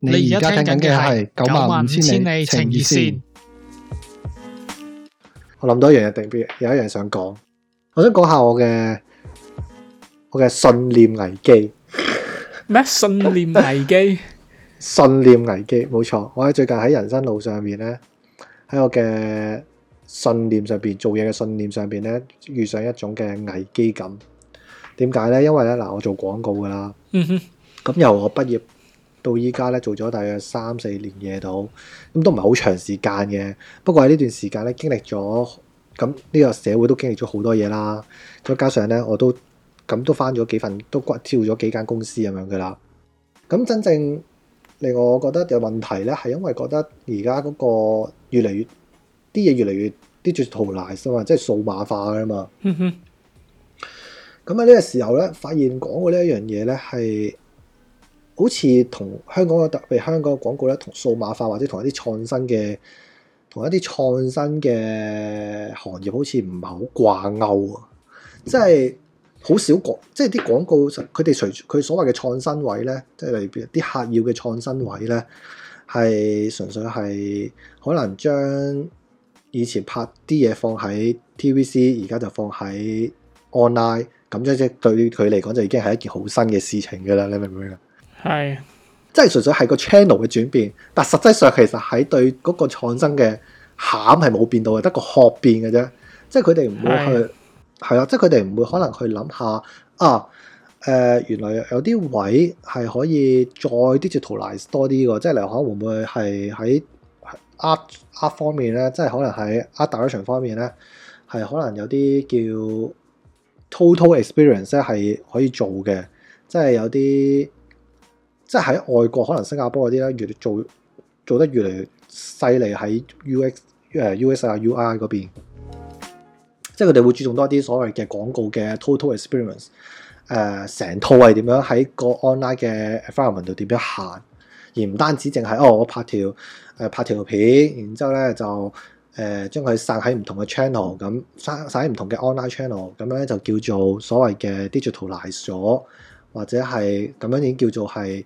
你而家聽緊嘅係九萬五千里情熱線。我諗到一樣嘢，定必有一樣想講。我想講下我嘅我嘅信念危機。咩信念危機？信念危機冇錯。我喺最近喺人生路上面咧，喺我嘅信念上邊做嘢嘅信念上邊咧，遇上一種嘅危機感。點解咧？因為咧嗱，我做廣告噶啦。嗯哼。咁由我畢業，到依家咧做咗大概三四年嘢度，咁都唔係好長時間嘅。不過喺呢段時間咧，經歷咗咁呢個社會都經歷咗好多嘢啦。再加上咧，我都咁都返咗幾份，都跳咗幾間公司咁樣嘅啦。咁真正令我覺得有問題咧，係因為覺得而家嗰個越嚟越啲嘢越嚟越 digitalize 啊嘛，即係數碼化啊嘛。咁啊，呢個時候咧，發現講嘅呢一樣嘢咧係。好似同香港嘅特，譬如香港嘅廣告咧，同數碼化或者同一啲創新嘅同一啲創新嘅行業好似唔係好掛鈎啊！即係好少講，即係啲廣告佢哋隨住，佢所謂嘅創新位咧，即係例如啲客要嘅創新位咧，係純粹係可能將以前拍啲嘢放喺 TVC，而家就放喺 online，咁即係對佢嚟講就已經係一件好新嘅事情㗎啦！你明唔明啊？係，即係純粹係個 channel 嘅轉變，但實際上其實喺對嗰個創新嘅餡係冇變到嘅，得個殼變嘅啫。即係佢哋唔會去，係啊，即係佢哋唔會可能去諗下啊，誒、呃，原來有啲位係可以再 digitalize 多啲嘅，即係例如可能會唔會係喺 art art 方面咧，即係可能喺 art direction 方面咧，係可能有啲叫 total experience 咧係可以做嘅，即係有啲。即係喺外國，可能新加坡嗰啲咧，越嚟做做得越嚟越犀利喺 U X 誒、呃、U S 啊 U I 嗰邊，即係佢哋會注重多啲所謂嘅廣告嘅 total experience 誒、呃，成套係點樣喺個 online 嘅 environment 度點樣行，而唔單止淨係哦，我拍條誒、呃、拍條片，然之後咧就誒、呃、將佢散喺唔同嘅 ch channel 咁散喺唔同嘅 online channel，咁咧就叫做所謂嘅 digitalise 咗。或者係咁樣已經叫做係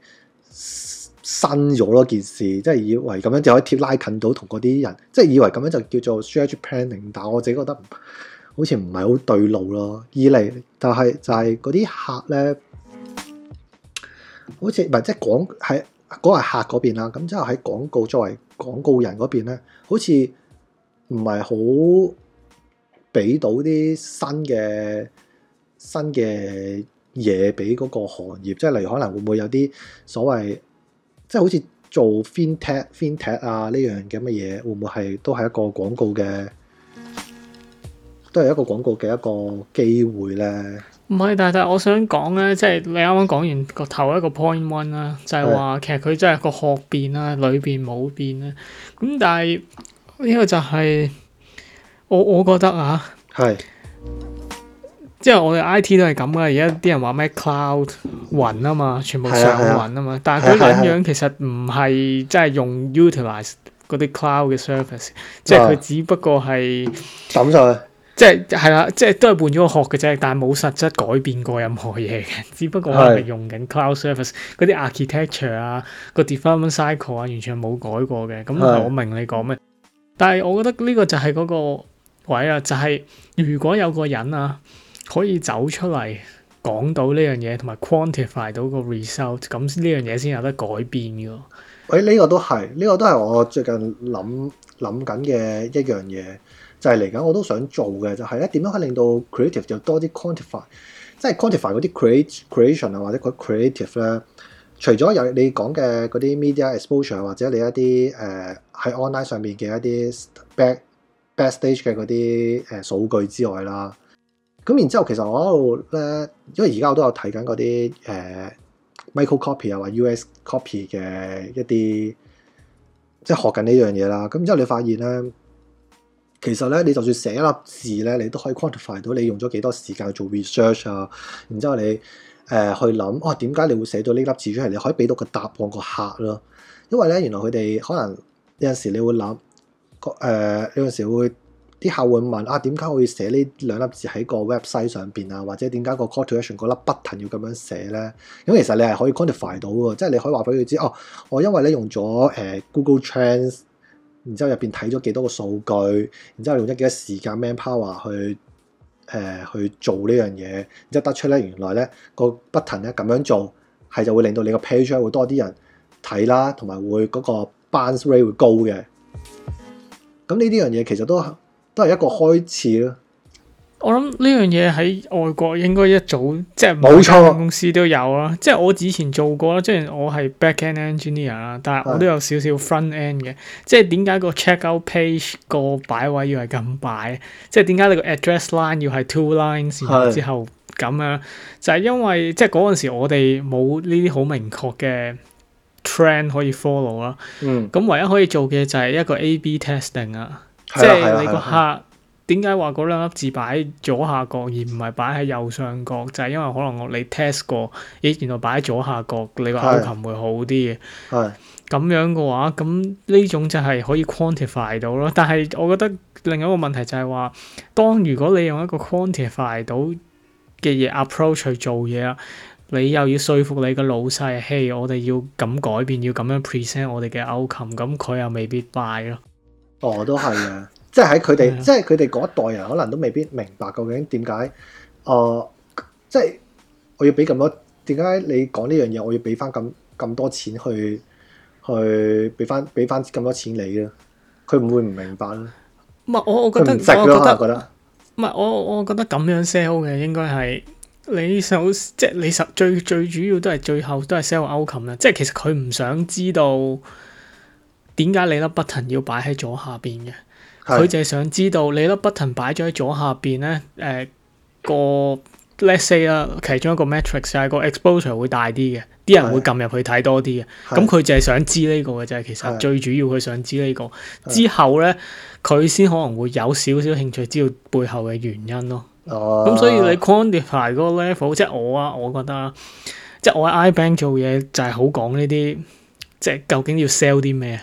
新咗咯件事，即係以為咁樣就可以貼拉近到同嗰啲人，即係以為咁樣就叫做 strategic planning，但係我自己覺得好似唔係好對路咯。二嚟就係、係、就係嗰啲客咧，好似唔係即係講喺講係客嗰邊啦，咁之後喺廣告作為廣告人嗰邊咧，好似唔係好俾到啲新嘅新嘅。嘢俾嗰個行業，即係例如可能會唔會有啲所謂，即係好似做 fin tech、fin tech、啊呢樣嘅乜嘢，會唔會係都係一個廣告嘅，都係一個廣告嘅一個機會呢？唔係，但係但係我想講呢，即係你啱啱講完個頭一個 point one 啦，就係話其實佢真係個學變啊，裏邊冇變啊，咁但係呢個就係我我覺得啊，係。即係我哋 I T 都係咁噶。而家啲人話咩 cloud 雲啊嘛，全部上雲啊嘛。啊啊但係佢咁樣其實唔係、啊、即係用 utilize 嗰啲 cloud 嘅 service，即係佢只不過係抌咗，即係係啦，即係都係換咗個殼嘅啫。但係冇實質改變過任何嘢嘅，只不過係用緊 cloud service 嗰啲 architecture 啊，個、啊啊、development cycle 啊，完全冇改過嘅。咁、嗯啊、我明你講咩，但係我覺得呢個就係嗰個位啦，就係、是、如果有個人啊。可以走出嚟講到呢樣嘢，同埋 quantify 到個 result，咁呢樣嘢先有得改變嘅。喂、哎，呢、這個都係，呢、這個都係我最近諗諗緊嘅一樣嘢，就係嚟緊我都想做嘅，就係咧點樣可以令到 creative 就多啲 quantify，即係 quantify 嗰啲 creation 啊，或者個 creative 咧，除咗有你講嘅嗰啲 media exposure，或者你一啲誒喺、呃、online 上面嘅一啲 back backstage 嘅嗰啲誒數據之外啦。咁然之後，其、呃 copy, 然後，其實我喺度咧，因為而家我都有睇緊嗰啲誒 micro copy 啊，或 US copy 嘅一啲即係學緊呢樣嘢啦。咁之後，你發現咧，其實咧，你就算寫一粒字咧，你都可以 quantify 到你用咗幾多時間去做 research 啊。然之後你誒、呃、去諗，哦、啊，點解你會寫到呢粒字出嚟？你可以俾到個答案個客咯。因為咧，原來佢哋可能有陣時你會諗，個、呃、誒有陣時會。啲客會問啊，點解可以寫呢兩粒字喺個 website 上邊啊？或者點解個 call to action 嗰粒 button 要咁樣寫咧？咁其實你係可以 quantify 到嘅，即係你可以話俾佢知哦。我因為咧用咗誒、呃、Google Trends，然之後入邊睇咗幾多個數據，然之後用咗幾多時間 man power 去誒、呃、去做呢樣嘢，然之後得出咧原來咧、這個 button 咧咁樣做係就會令到你個 page 會多啲人睇啦，同埋會嗰個 bounce rate 會高嘅。咁呢啲樣嘢其實都～都係一個開始咯。我諗呢樣嘢喺外國應該一早即係冇錯，公司都有啦。錯即係我之前做過啦，雖然我係 back end engineer 啦，但係我都有少少 front end 嘅是。即係點解個 check out page 個擺位要係咁擺？即係點解你個 address line 要係 two lines 是之後咁樣？就係、是、因為即係嗰陣時我哋冇呢啲好明確嘅 trend 可以 follow 啦。嗯，咁唯一可以做嘅就係一個 A/B testing 啊。即係你個客點解話嗰兩粒字擺左下角而唔係擺喺右上角？就係因為可能你 test 過，咦，原來擺左下角你個 outcome 會好啲嘅。咁樣嘅話，咁呢種就係可以 quantify 到咯。但係我覺得另外一個問題就係話，當如果你用一個 quantify 到嘅嘢 approach 去做嘢啊，你又要說服你嘅老細，嘿，我哋要咁改變，要咁樣 present 我哋嘅 outcome，咁佢又未必 buy 咯。我、哦、都係啊，即係喺佢哋，的即係佢哋嗰一代人，可能都未必明白究竟點解，誒、呃，即係我要俾咁多，點解你講呢樣嘢，我要俾翻咁咁多錢去去俾翻俾翻咁多錢你啊？佢唔會唔明白咧？唔係我我覺得，值得，覺得我覺得唔係我我覺得咁樣 sell 嘅，應該係你首即係你實最最主要都係最後都係 sell outcome 啦，即係其實佢唔想知道。點解你粒 button 要擺喺左下邊嘅？佢就係想知道你粒 button 擺咗喺左下邊咧，誒個，let's say 啦，其中一個 metrics 係個 exposure 會大啲嘅，啲人會撳入去睇多啲嘅。咁佢是就係想知呢、呢個嘅就啫、是。其實是最主要佢想知呢、呢個是之後咧，佢先可能會有少少興趣知道背後嘅原因咯。咁、oh. 所以你 quantify 嗰個 level，即係我啊，我覺得即係我喺 IBank 做嘢就係好講呢啲，即係、嗯、究竟要 sell 啲咩啊？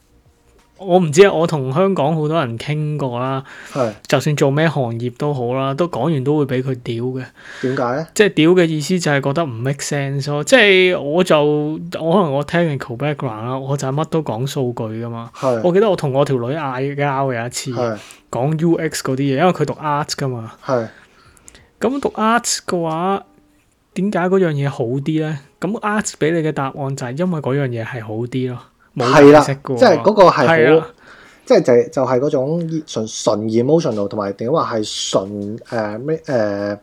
我唔知啊，我同香港好多人傾過啦，是就算做咩行業都好啦，都講完都會俾佢屌嘅。點解咧？即係屌嘅意思就係覺得唔 make sense 咯。即係我就我可能我聽完 call background 啦，我就係乜都講數據噶嘛。是我記得我同我條女嗌交嘅有一次，講 UX 嗰啲嘢，因為佢讀 art 噶嘛。係是。咁讀 art 嘅話，點解嗰樣嘢好啲咧？咁 art 俾你嘅答案就係因為嗰樣嘢係好啲咯。係啦，即係嗰個係好，的即係就就係嗰種純純 emotional，同埋點話係純誒咩誒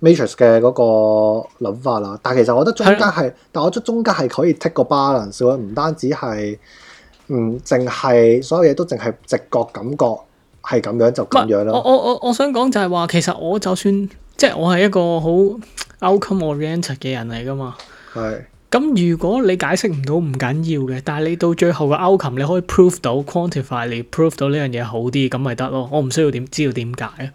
matrix 嘅嗰個諗法啦。但係其實我覺得中間係，的但我覺得中間係可以 take 個 balance，唔單止係嗯淨係所有嘢都淨係直覺感覺係咁樣就咁樣咯。我我我我想講就係話，其實我就算即係我係一個好 outcome oriented 嘅人嚟噶嘛。係。咁如果你解釋唔到唔緊要嘅，但係你到最後嘅 outcome，你可以 prove 到 quantify，你 prove 到呢樣嘢好啲咁咪得咯。我唔需要點知道點解啊？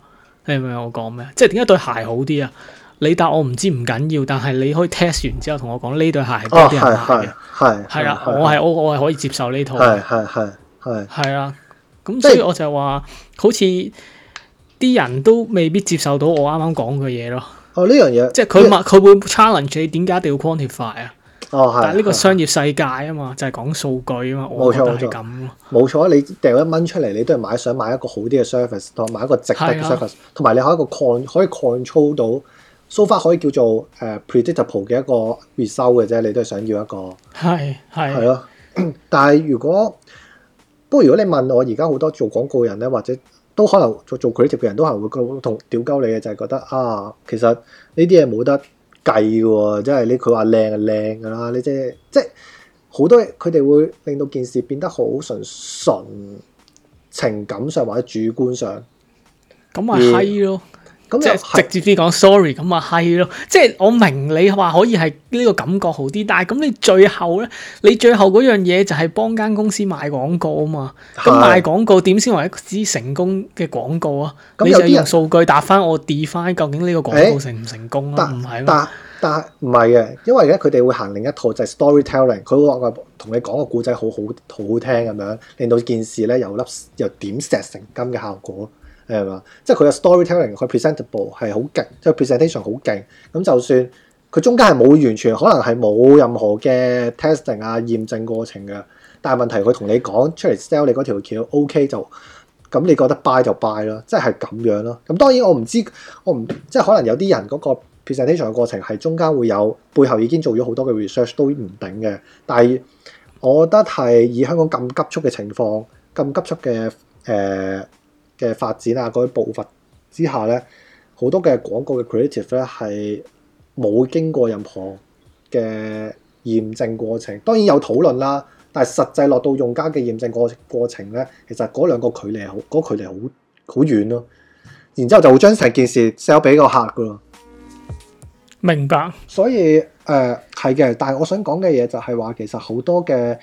你明唔明我講咩？即係點解對鞋好啲啊？你答我唔知唔緊要，但係你可以 test 完之後同我講呢對鞋係邊啲人買嘅，係係啦。我係我我係可以接受呢套係係係係啊。咁所以我就話以好似啲人都未必接受到我啱啱講嘅嘢咯。哦，呢樣嘢即係佢問佢會 challenge 你點解一定要 quantify 啊？哦，係。但係呢個商業世界啊嘛，是就係講數據啊嘛，錯我覺得係咁。冇錯，冇錯。冇錯，你掉一蚊出嚟，你都係買想買一個好啲嘅 service 同買一個值得嘅 service 同埋你開一個 control 可以 control 到，so far 可以叫做誒、呃、predictable 嘅一個 result 嘅啫，你都係想要一個係係係咯。但係如果不過如果你問我，而家好多做廣告人咧，或者都可能做做 creative 嘅人都係會同屌鳩你嘅，就係、是、覺得啊，其實呢啲嘢冇得。計喎，即係你佢話靚係靚㗎啦，你即係即係好多嘢，佢哋會令到件事變得好純純，純情感上或者主觀上，咁咪係咯。即係直接啲講，sorry 咁啊，係咯。即係我明你話可以係呢個感覺好啲，但係咁你最後咧，你最後嗰樣嘢就係幫間公司賣廣告啊嘛。咁的賣廣告點先為一支成功嘅廣告啊？你就用數據答翻我 define 究竟呢個廣告成唔成功啊？唔係但，但但唔係嘅，因為而家佢哋會行另一套，就係、是、storytelling。佢話同你講個故仔好好好好聽咁樣，令到件事咧有粒有點石成金嘅效果。係嘛？即係佢嘅 storytelling，佢 presentable 係好勁，即係 presentation 好勁。咁就算佢中間係冇完全，可能係冇任何嘅 testing 啊驗證過程嘅。但係問題佢同你講出嚟 sell 你嗰條橋 OK 就咁，你覺得 buy 就 buy 咯，即係係咁樣咯。咁當然我唔知，我唔即係可能有啲人嗰個 presentation 嘅過程係中間會有背後已經做咗好多嘅 research 都唔頂嘅。但係我覺得係以香港咁急促嘅情況，咁急促嘅誒、呃嘅發展啊，嗰啲步伐之下咧，好多嘅廣告嘅 creative 咧係冇經過任何嘅驗證過程。當然有討論啦，但係實際落到用家嘅驗證過過程咧，其實嗰兩個距離好，嗰、嗰個、距離好好遠咯啊。然之後就會將成件事 sell 俾個客噶咯。明白。所以誒係嘅，但係我想講嘅嘢就係話，其實好多嘅誒、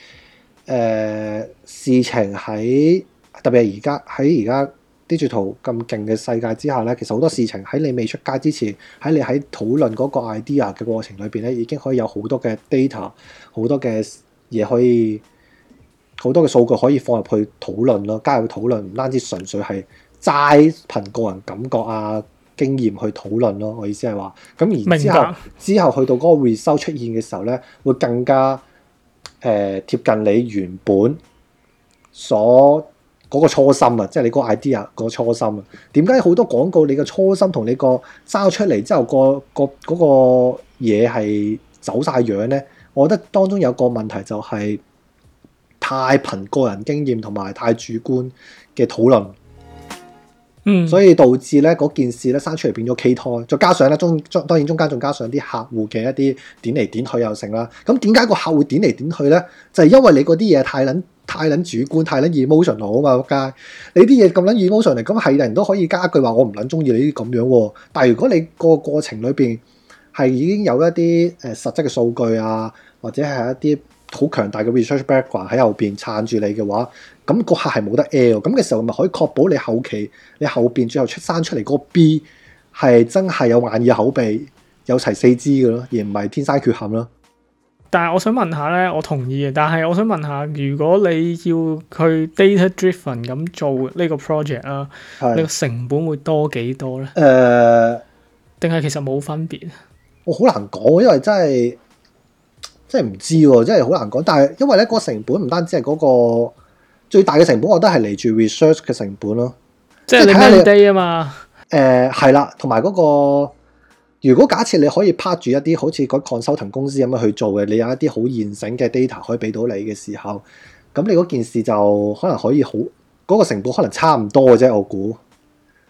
呃、事情喺特別係而家喺而家。在 digital 咁勁嘅世界之下咧，其實好多事情喺你未出街之前，喺你喺討論嗰個 idea 嘅過程裏邊咧，已經可以有好多嘅 data，好多嘅嘢可以，好多嘅數據可以放入去討論咯，加入去討論，唔單止純粹係齋憑個人感覺啊經驗去討論咯。我意思係話，咁而之後之後去到嗰個 result 出現嘅時候咧，會更加誒、呃、貼近你原本所，嗰個初心啊，即係你個 idea 個初心啊。點解好多廣告你個初心同你個生出嚟之後、個個、個個嗰個嘢係走晒樣咧？我覺得當中有個問題就係太憑個人經驗同埋太主觀嘅討論。嗯，所以導致咧嗰件事咧生出嚟變咗畸胎。Oy, 再加上咧中中當然中間仲加上啲客戶嘅一啲點嚟點去又成啦。咁點解個客戶點嚟點去咧？就係、是、因為你嗰啲嘢太撚。太撚主觀，太撚 emotional 好啊嘛，撲街！你啲嘢咁撚 emotional 嚟，咁係人都可以加一句話，我唔撚中意你啲咁樣喎。但係如果你個過程裏邊係已經有一啲誒實質嘅數據啊，或者係一啲好強大嘅 research background 喺後邊撐住你嘅話，咁、嗰個客係冇得 L 咁嘅時候，咪可以確保你後期你後邊最後出生出嚟個 B 係真係有眼耳口鼻有齊四肢嘅咯，而唔係天生缺陷啦。但係我想問下咧，我同意嘅。但係我想問下，如果你要去 data-driven 咁做呢個 project 啦，你是的 個成本會多幾多咧？誒、呃，定係其實冇分別？我好難講，因為真係真係唔知，真係好難講。但係因為咧，嗰、那個成本唔單止係嗰、那個最大嘅成本，我覺得係嚟住 research 嘅成本咯。即係你睇你 day 啊嘛？誒、呃，係啦，同埋嗰個。如果假設你可以拍住一啲好似個 consulting 公司咁樣去做嘅，你有一啲好現成嘅 data 可以俾到你嘅時候，咁你嗰件事就可能可以好嗰、嗰個成本可能差唔多嘅啫。我估。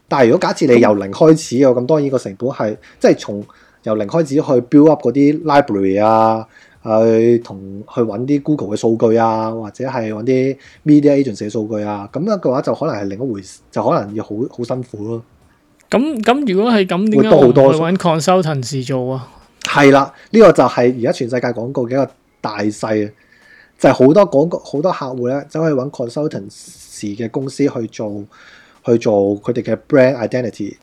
但係如果假設你由零開始有咁多嘢，嗯、當然個成本係即係從由零開始去 build up 嗰啲 library 啊，去同去揾啲 Google 嘅數據啊，或者係揾啲 media agency 嘅數據啊，咁樣嘅話就可能係另一回事，就可能要好好辛苦咯、啊。咁咁，如果係咁，點解會去揾 consultants 做啊？係啦，呢、這個就係而家全世界廣告嘅一個大勢啊！就係、是、好多廣告好多客戶咧，走去揾 consultants 嘅公司去做，去做佢哋嘅 brand identity，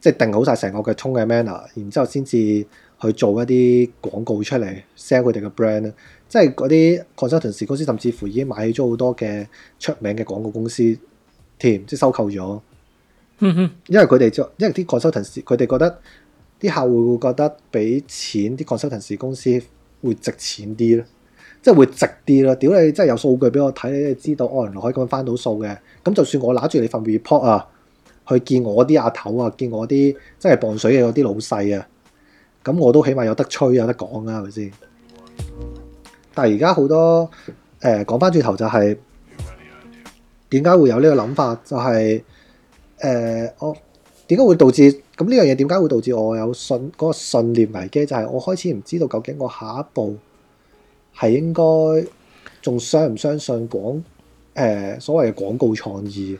即係定好晒成個嘅 tone 嘅 manner，然之後先至去做一啲廣告出嚟 sell 佢哋嘅 brand 啊。即係嗰啲 consultants 公司，甚至乎已經買咗好多嘅出名嘅廣告公司，添即係收購咗。 因為佢哋即係，因為啲 consultant 佢哋覺得啲客戶會覺得俾錢啲 consultant 公司會值錢啲咧，即係會值啲咧。屌你，真係有數據俾我睇，你哋知道哦，原來可以咁樣翻到數嘅。咁就算我攞住你份 report 啊，去見我啲阿頭啊，見我啲真係傍水嘅嗰啲老細啊，咁我都起碼有得吹有得講啊，係咪先？但係而家好多誒，講翻轉頭就係點解會有呢個諗法，就係、是。誒，我點解會導致咁呢樣嘢？點解會導致我有信嗰、嗰個信念危機？就係我開始唔知道究竟我下一步係應該仲相唔相信廣誒、呃、所謂嘅廣告創意？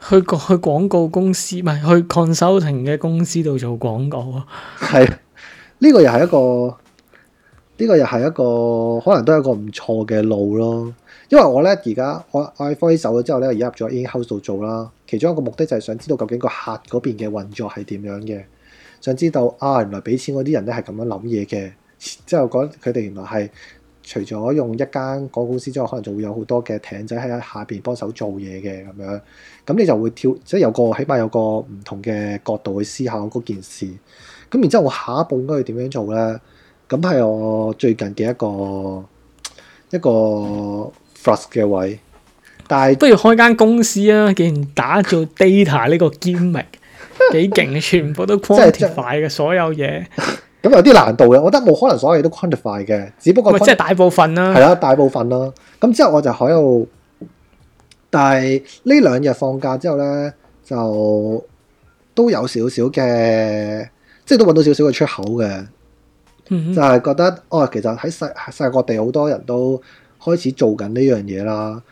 去去廣告公司咪去 consulting 嘅公司度做廣告啊！係呢、這個又係一個呢、這個又係一個可能都係一個唔錯嘅路咯。因為我咧而家我 iPhone 手咗之後咧，而家入咗 in house 度做啦。其中一個目的就係想知道究竟個客嗰邊嘅運作係點樣嘅，想知道啊原來俾錢嗰啲人咧係咁樣諗嘢嘅。之後講佢哋原來係除咗用一間廣告公司之外，可能就會有好多嘅艇仔喺下邊幫手做嘢嘅咁樣。咁你就會跳即係有個起碼有個唔同嘅角度去思考嗰件事。咁然之後我下一步應該要點樣做咧？咁係我最近嘅一個一個。一個嘅位，但係不如開間公司啊！既然打造 data 呢個兼職， 幾勁，全部都 quantify 嘅是所有嘢，咁有啲難度嘅。我覺得冇可能所有嘢都 quantify 嘅，只不過 quantify，即係大部分啦、啊，係啦、啊，大部分啦、啊。咁之後我就喺度，但係呢兩日放假之後咧，就都有少少嘅，即係都揾到少少嘅出口嘅。嗯、哼就係覺得，哦，其實喺世世界各地好多人都開始做緊呢樣嘢啦，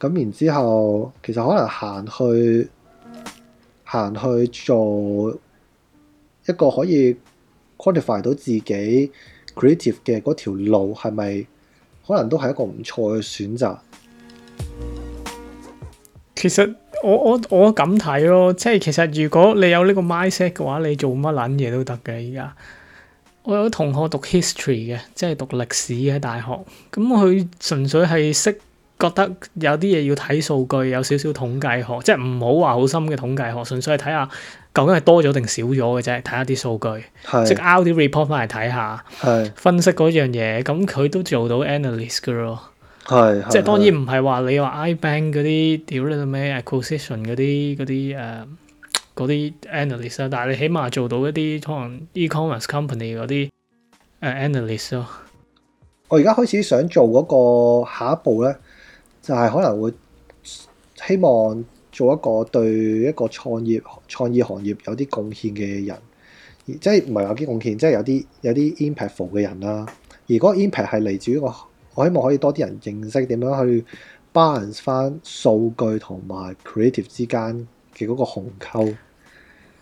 咁然之後其實可能行去行去做一個可以 qualify 到自己 creative 嘅嗰條路，係咪可能都係一個唔錯嘅選擇？其實我我我咁睇咯，即係其實如果你有呢個 mindset 嘅話，你做乜撚嘢都得嘅依家。我有同學讀 history 嘅，即係讀歷史嘅大學。咁佢純粹係識覺得有啲嘢要睇數據，有少少統計學，即係唔好話好深嘅統計學，純粹係睇下究竟係多咗定少咗嘅啫，睇下啲數據，是 即係 out 啲 report 翻嚟睇下，是 分析嗰樣嘢。咁佢都做到 analyst 嘅咯，即係當然唔係話你話 iBank 嗰啲屌你老咩 acquisition 嗰啲啲誒。嗰啲 analyst 啊，但係你起碼做到一啲可能 e-commerce company 嗰啲誒 analyst 咯。我而家開始想做嗰個下一步咧，就係可能會希望做一個對一個創業創意行業有啲貢獻嘅人，即係唔係有啲貢獻，即係有啲有啲 impactful 嘅人啦。而個 impact 係嚟自於一個我希望可以多啲人認識點樣去 balance 翻數據同埋 creative 之間。嘅嗰個紅溝，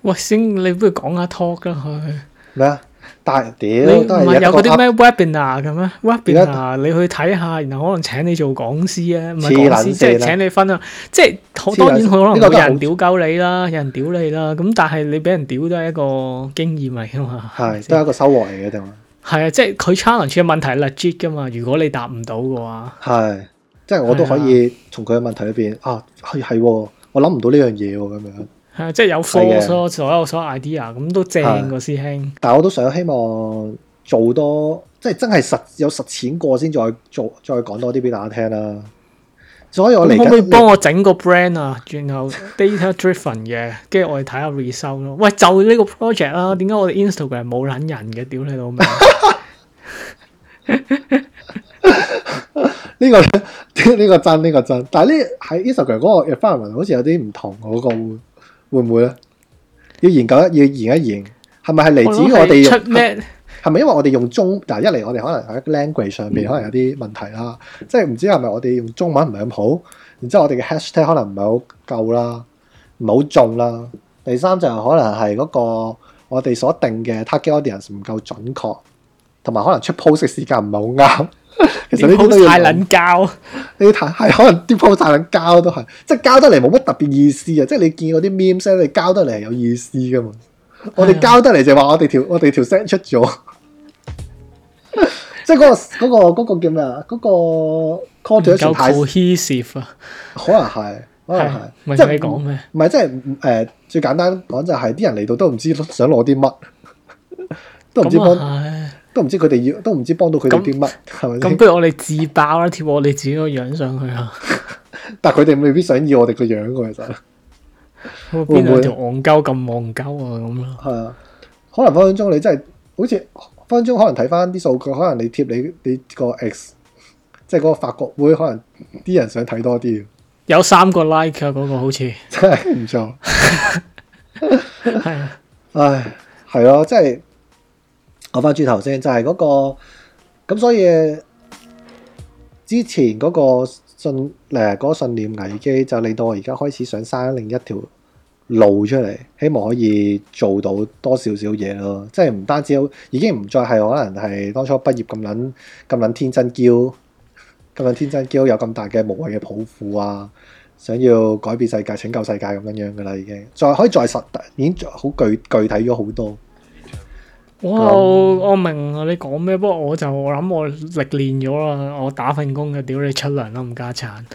喂先，你不如講下 talk 啦，佢咩啊？但係屌唔係有嗰啲咩 webinar 嘅咩 webinar，你去睇下，然後可能請你做講師啊，唔係講師即係請你分享啊，即係好當然佢可能有人屌鳩你啦，有人屌你啦，咁但係你俾人屌都係一個經驗嚟噶嘛，係都係一個收穫嚟嘅定係，係啊，即係佢 challenge 嘅問題係 legit 噶嘛，如果你答唔到嘅話，係即係我都可以從佢嘅問題裏邊啊，係係。我諗唔到呢、啊、樣嘢喎，咁樣係， 即係有科所，所有所有 idea 咁都正個的師兄。但係我都想希望做多，即係真係實有實踐過先，再做再講多啲俾大家聽啦。所以我嚟可唔可以幫我整個 brand 啊？轉頭 data driven 嘅，跟住我哋睇下 result 咯。喂，就呢個 project 啦。點解我哋 Instagram 冇捻人嘅？屌你老味！呢個。呢 個真呢、這個真，但係呢喺 Instagram 嗰個 re 發文好似有啲唔同，嗰、那個會唔會咧？要研究一要研一研，係咪係嚟自於我哋？出咩用？係咪因為我哋用中？嗱， 一嚟我哋可能喺 language 上邊可能有啲問題啦，嗯、即係唔知係咪我哋用中文唔係咁好？然之後我哋嘅 hashtag 可能唔係好夠啦，唔係好中啦。第三就係可能係嗰個我哋所定嘅 target audience 唔夠準確，同埋可能出 post 嘅時間唔係好啱。其實呢啲太撚膠，呢啲太係可能啲鋪晒撚膠都係，即係交得嚟冇乜特別意思啊！即係你見我啲 meme 聲，你交得嚟有意思噶嘛？我哋交得嚟就係話我哋條、哎、呦我哋條聲出咗，即係、嗰、嗰個嗰、嗰個、嗰個叫咩啊？嗰、嗰個 contact 太啊，可能係可能係不麼，即係講咩？唔係即係誒，最簡單講就係、是、啲人嚟到都唔知想攞啲乜，都唔知幫。都唔知佢哋要，都唔知幫到佢哋啲乜，係咪先？咁不，不如我哋自爆啦，啊，貼我哋自己個樣上去啊！ 但係佢哋未必想要我哋個樣噶，其實會唔會戇鳩咁戇鳩啊？咁咯，係啊，可能分分鐘你真係，好似分分鐘可能睇翻啲數據，可能你貼你你個 X，即係嗰個法國會，可能啲人想睇多啲。有三個 like 嗰、啊那個好，好似真係唔錯。係、 啊， 唉，係咯、啊，即係。真講翻轉頭先，就係、是、嗰、那個咁，所以之前嗰個信誒、那個、信念危機，就令到我而家開始想生另一條路出嚟，希望可以做到多少少嘢咯。即係唔單止已經唔再係可能係當初畢業咁撚咁撚天真嬌，咁撚天真嬌有咁大嘅無謂嘅抱負啊，想要改變世界、拯救世界咁樣樣㗎啦，已經再可以再實已經好具具體咗好多。我，我明你講咩，不過我就諗我歷練咗啦，我打份工嘅，屌你出糧都唔加產。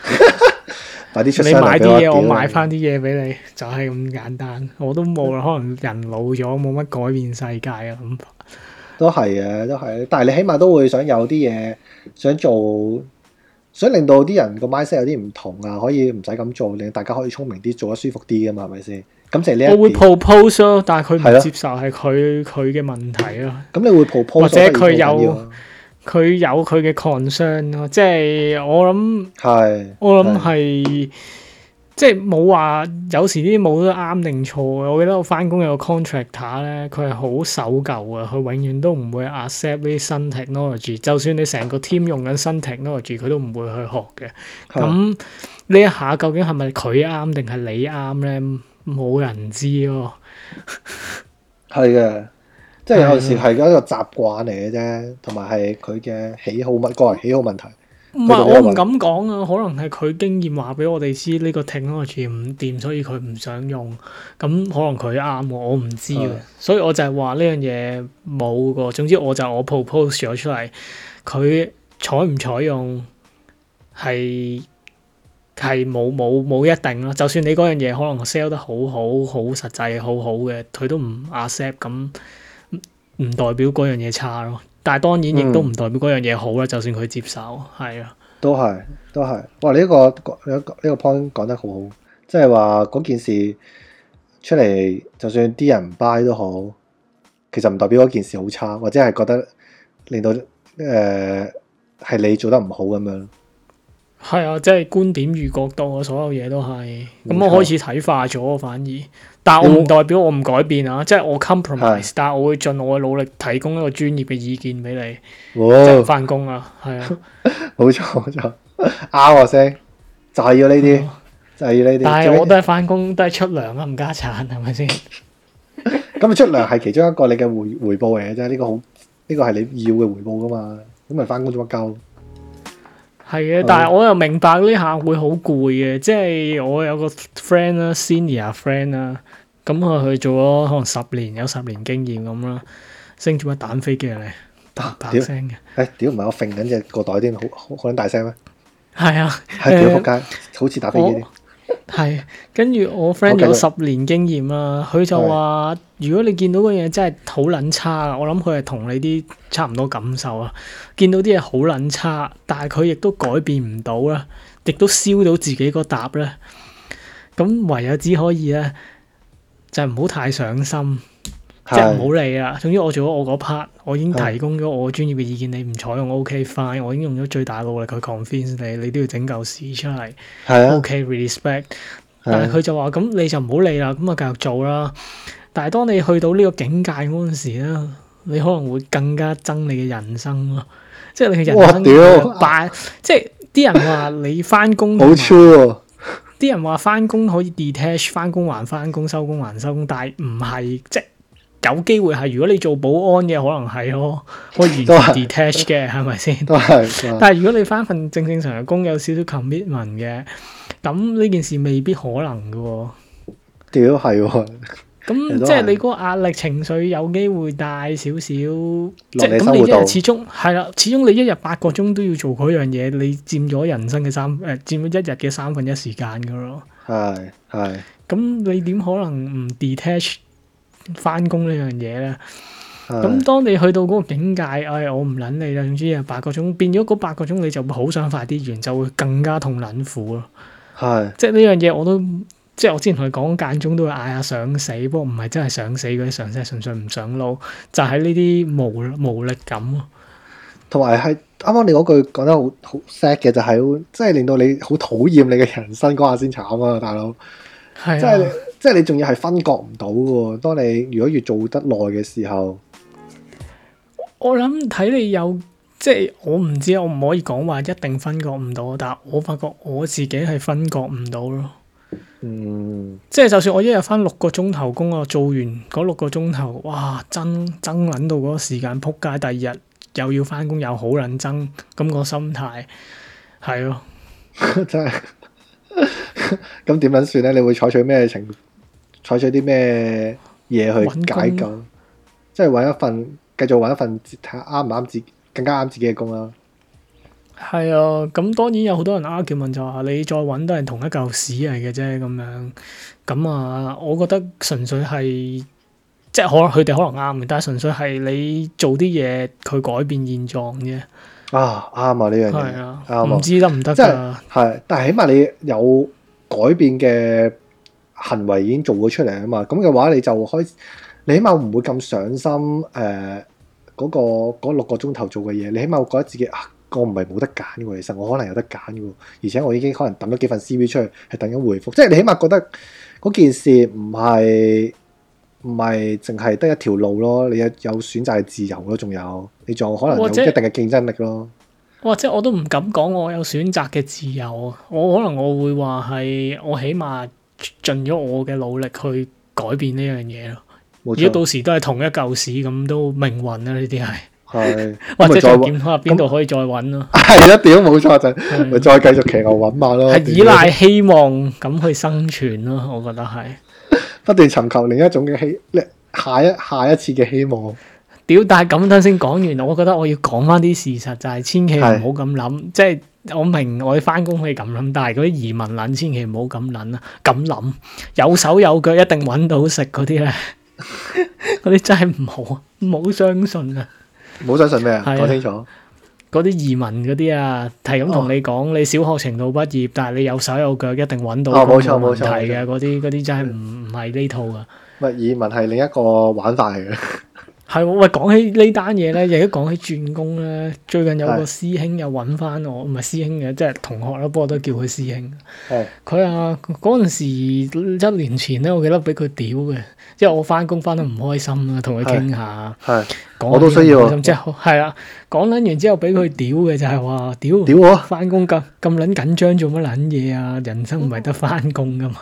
出 你買啲嘢，我買翻啲嘢俾你，就係咁簡單。我都冇啦，可能人老咗，冇乜改變世界嘅諗法 都係嘅、啊，都係、啊。但係你起碼都會想有啲嘢，想做，想令到啲人個 mindset 有啲唔同啊，可以唔使咁做，令大家可以聰明啲，做得舒服啲噶嘛，係咪先？我會 propose 咯，但係佢唔接受係佢佢嘅問題咯。咁你會 propose 或者佢有佢有佢嘅 concern 咯。嗯嗯、即係我諗，係、嗯、我諗係、嗯、即係冇話有時啲冇得啱定錯嘅。我記得我翻工有 contractor 咧，佢係好守舊嘅，佢永遠都唔會 accept 新 technology。就算你成個 team 用緊新 technology，佢都唔會去學嘅。咁呢、嗯、一下究竟係咪佢啱定係你啱咧？冇人知囉，係 嘅，即係有陣時係一個習慣嚟嘅啫，同埋係佢嘅喜好，物個人喜好問題。唔係是我唔敢講啊，可能係佢經驗話俾我哋知呢個 ting 唔掂，所以佢唔想用。咁可能佢啱我，我唔知。的所以我就係話呢樣嘢冇個，總之我就我 propose 咗出嚟，佢採唔採用係。係冇冇冇一定咯，就算你嗰樣嘢可能 sell 得好好好實際好好嘅，佢都唔 accept 咁，唔代表嗰樣嘢差咯。但係當然亦都唔代表嗰樣嘢好啦。就算佢接受，係啊，都係都係。哇！呢個呢個 point 講得好好，即係話嗰件事出嚟，就算啲人唔 buy 都好，其實唔代表嗰件事好差，或者係覺得令到誒係、呃、你做得唔好咁樣。係啊，即係觀點與角度，當我所有嘢都係，咁我開始睇化咗反而。但係我唔代表我唔改變啊，嗯、即係我 compromise，的但係我會盡我嘅努力提供一個專業嘅意見俾你。哦，翻工啊，係啊，冇錯冇錯，啱我聲，就係要呢啲，就係要呢啲。但係我都係翻工，都係出糧啊，唔加產係咪先？咁啊，出糧係其中一個你嘅回回報嚟嘅啫，呢、呢個好呢、呢個係、呢個、你要嘅回報噶嘛，咁咪翻工做乜鳩？係嘅，但係我又明白呢下會好攰嘅，即係我有個 friend 啦，senior friend 啦，咁佢去做咗可能十年，有十年經驗咁啦，升住一蛋飛機嚟，打打聲啊哎、大聲嘅。誒的，屌唔係我揈緊只個袋添，好好好大聲咩？係啊，係屌撲街，好似打飛機添。係，跟住我 friend Okay. 有十年經驗啦，佢就話：Okay. 如果你見到嗰樣嘢真係好撚差，我諗佢係同你啲差唔多感受啊。見到啲嘢好撚差，但係佢亦都改變唔到啦，亦都燒到自己個答咧。咁唯有只可以咧，就係唔好太上心。即係唔好理啦。總之我做咗我嗰 part，我已經提供咗我專業嘅意見，你唔採用 OK fine，我已經用咗最大努力去 convince 你，你都要整舊屎出嚟。OK respect，但係佢就話咁你就唔好理啦，咁啊繼續做啦。但係當你去到呢個境界嗰陣時咧，你可能會更加憎你嘅人生咯。即係你嘅人生嘅八，即係啲人話你翻工好超喎。啲人話翻工可以 detach，翻工還翻工，收工還收工，但係唔係即有機會係，如果你做保安嘅可能係咯、哦，可以完全 detach 嘅，係咪先？是吧 但係如果你返份正正常常工，有少少 commitment 嘅，咁呢件事未必可能嘅喎、哦。屌係喎！咁即係你嗰個壓力情緒有機會大少少。即係咁，你一日始終係啦，始終你一日八個鐘都要做嗰樣嘢，你佔咗人生嘅三誒，佔咗一日嘅三分一時間嘅咯。係係。咁你點可能唔 detach？翻工呢樣嘢咧，咁當你去到嗰個境界，哎，我唔捻你啦，總之啊八個鐘，變咗嗰八個鐘，你就會好想快啲完，就會更加痛捻苦咯。係，即係呢樣嘢，我都即係我之前同你講間中都會嗌下想死，不過唔係真係想死嗰啲，純粹係純粹唔想老，就喺呢啲無無力感咯。同埋係啱啱你嗰句講得好好 sad 嘅，就係即係令到你好討厭你嘅人生嗰下先慘啊，大佬，即係。即係你仲要係分割唔到嘅，當你如果要做得耐嘅時候，我諗睇你有即係我唔知，我唔可以講話一定分割唔到，但我發覺我自己係分割唔到咯。嗯，即係就算我一日翻六個鐘頭工啊，做完嗰六個鐘頭，哇，爭爭捻到嗰個時間扑街，第二日又要翻工，又好捻爭，咁個心態係咯， 真係是。咁點樣算咧？你會採取咩情？採取啲咩嘢去解救，即係揾一份繼續揾一份，睇下啱唔啱自己，更加啱自己嘅工啦。係啊，咁當然有好多人啱叫問就話、是：你再揾都係同一嚿屎嚟嘅啫。咁樣咁啊，我覺得純粹係即係可能佢哋可能啱嘅，但係純粹係你做啲嘢佢改變現狀啫。啊啱啊呢樣嘢，啱啊唔知得唔得啊？係，但係起碼你有改變嘅。行為已經做咗出嚟啊嘛，咁嘅話你就開，你起碼唔會咁上心誒嗰、呃嗰個嗰六個鐘頭做嘅嘢。你起碼會覺得自己啊，我唔係冇得揀喎。其實我可能有得揀嘅，而且我已經可能抌咗幾份 CV 出嚟，係等緊回覆。即係你起碼覺得嗰件事唔係唔係淨係得一條路咯。你有有選擇嘅自由咯，仲有你仲可能有一定嘅競爭力咯。或者，或者我都唔敢講我有選擇嘅自由，我可能我會話係我起碼。盡咗我嘅努力去改變呢樣嘢咯。如果錯到時都係同一舊市咁，都命運啊呢啲係。係是， 或者再檢討下邊度可以再揾咯。係啊、嗯，屌冇錯啊，就咪 再繼續騎牛揾馬咯。係依賴希望咁去生存咯，我覺得係。 不斷尋求另一種嘅希，下一下一，下一次嘅希望。屌， 但係咁等先講完，我覺得我要講翻啲事實，就係、是、千祈唔好咁諗，即、就、係、是。就是我明我哋翻工可以咁諗，但係嗰啲移民撚千祈唔好咁諗啦，咁諗有手有腳一定揾到食嗰啲咧，嗰啲 真係唔好，唔好相信啊！唔好相信咩啊？講的清楚，嗰啲移民嗰啲啊，係咁同你講，哦、你小學程度畢業，但係你有手有腳一定揾到冇問題嘅嗰啲，嗰啲、哦、真係唔唔係呢套啊。移民係另一個玩法嚟嘅。係，喂，講起呢單嘢咧，亦都講起轉工咧。最近有個師兄又搵翻我，唔係師兄嘅，即係同學啦，不過都叫佢師兄。係佢的啊，嗰陣時一年前咧，我記得俾佢屌嘅，即係我翻工翻得唔開心啦，同佢傾下，係我都需要。之後係啦，講捻完之後俾佢屌嘅就係話屌，屌我翻工咁咁捻緊張，做乜捻嘢啊？人生唔係得翻工噶嘛，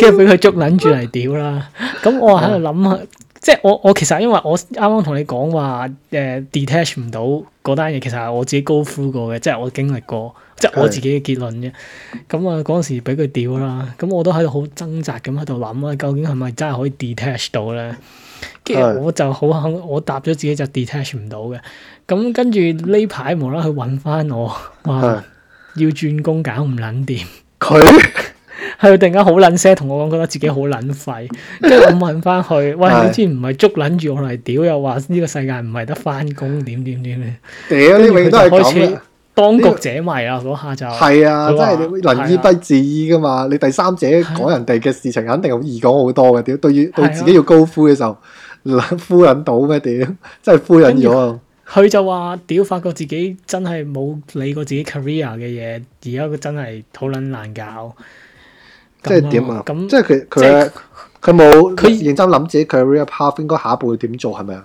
跟住俾佢捉捻住嚟屌啦。咁 我喺度諗啊。即係我我其實因為我啱啱同你講話，誒、呃、detach 唔到嗰單嘢，其實係我自己 go through 過嘅，即係我經歷過，即係我自己嘅結論啫。咁啊嗰陣時俾佢屌啦，咁、嗯嗯、我都喺度好掙扎咁喺度諗啊，究竟係咪真係可以 detach 到咧？跟住我就好肯，是我答咗自己就 detach 唔到嘅。咁跟住呢排無啦去揾翻我話要轉工搞唔撚掂佢。 係佢突然間好撚聲，同我講，覺得自己好撚廢，跟住我問翻佢：喂，你之前唔係捉捻住我嚟屌，又話呢個世界唔係得翻工，點點點？屌，你永遠都係開始當局者迷啊，嗰下就係啊，說真係能醫不自醫噶嘛？啊、你第三者講人哋嘅事情肯定容易講好多嘅。屌、啊，對要對自己要高呼嘅時候，呼捻到咩？屌，真係呼捻咗，佢就話屌，發覺自己真係冇理過自己 career 嘅嘢，而家佢真係討捻難搞。即係點啊？咁那即係佢佢佢冇佢認真諗自己佢 career path 應該下一步會點做係咪啊？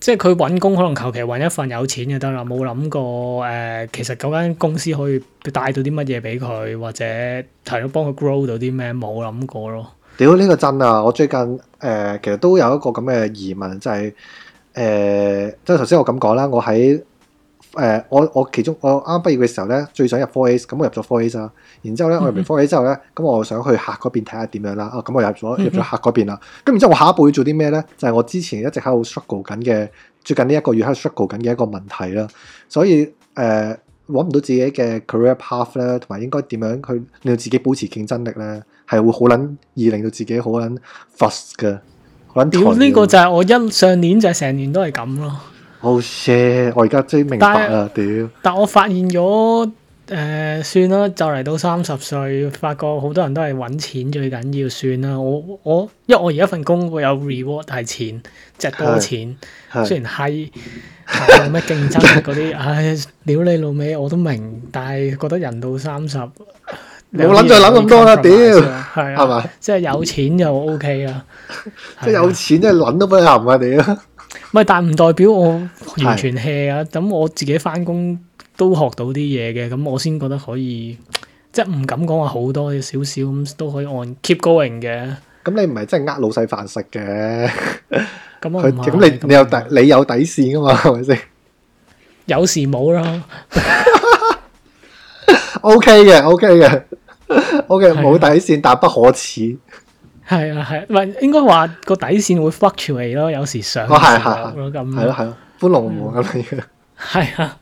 即係佢搵工可能求其搵一份有錢就得啦，冇諗過誒、呃，其實嗰間公司可以帶到啲乜嘢俾佢，或者係咯幫佢 grow 到啲咩，冇諗過咯。屌呢個真啊！我最近誒、呃，其實都有一個咁嘅疑問，就係、是、誒，即係頭先我咁講啦，我喺。誒、呃，我我其中我啱畢業嘅時候咧，最想入 Four As，咁我入咗 Four As 啦。然之後咧，我入完 Four As 之後咧，咁、嗯、哼我想去客嗰邊睇下點樣啦。啊，咁我入咗、嗯、哼入咗客嗰邊啦。咁然之後我下一步要做啲咩咧？就係、是、我之前一直喺度 struggle 緊嘅，最近呢一個月喺度 struggle 緊嘅一個問題啦。所以誒，搵、呃、唔到自己嘅 career path 咧，同埋應該點樣去令到自己保持競爭力咧，係會好捻易令到自己好捻 fuss 嘅。點呢個就係我一上年就係成年都係咁咯。好嘥！我而家最明白啦，屌！但我發現咗誒，算啦，就嚟到三十歲，發覺好多人都係揾錢最緊要算啦。我我因為我而家份工會有 reward 係錢，即係多錢，雖然閪冇咩競爭嗰啲。唉、yeah.，屌你老味，我都明，但係覺得人到三十，你冇諗再諗咁多啦，屌，係係咪？即係有錢就 OK 啦，即係有錢即係撚都唔行啊，屌！唔係，但唔代表我完全 hea 啊！咁的我自己返工都學到啲嘢嘅，咁我先覺得可以，即係唔敢講話好多，少少咁都可以按 keep going 嘅。咁你唔係真係呃老細飯食嘅，咁 咁 你 你有底，你有底線㗎嘛？係咪先？有時冇啦、 okay。OK 嘅，OK 嘅，OK 冇底線，但不可恥。係啊係，唔係、啊、應該話個底線會 fluctuate 咯，有時上，咁、哦，係咯係咯，波浪波咁樣。係啊。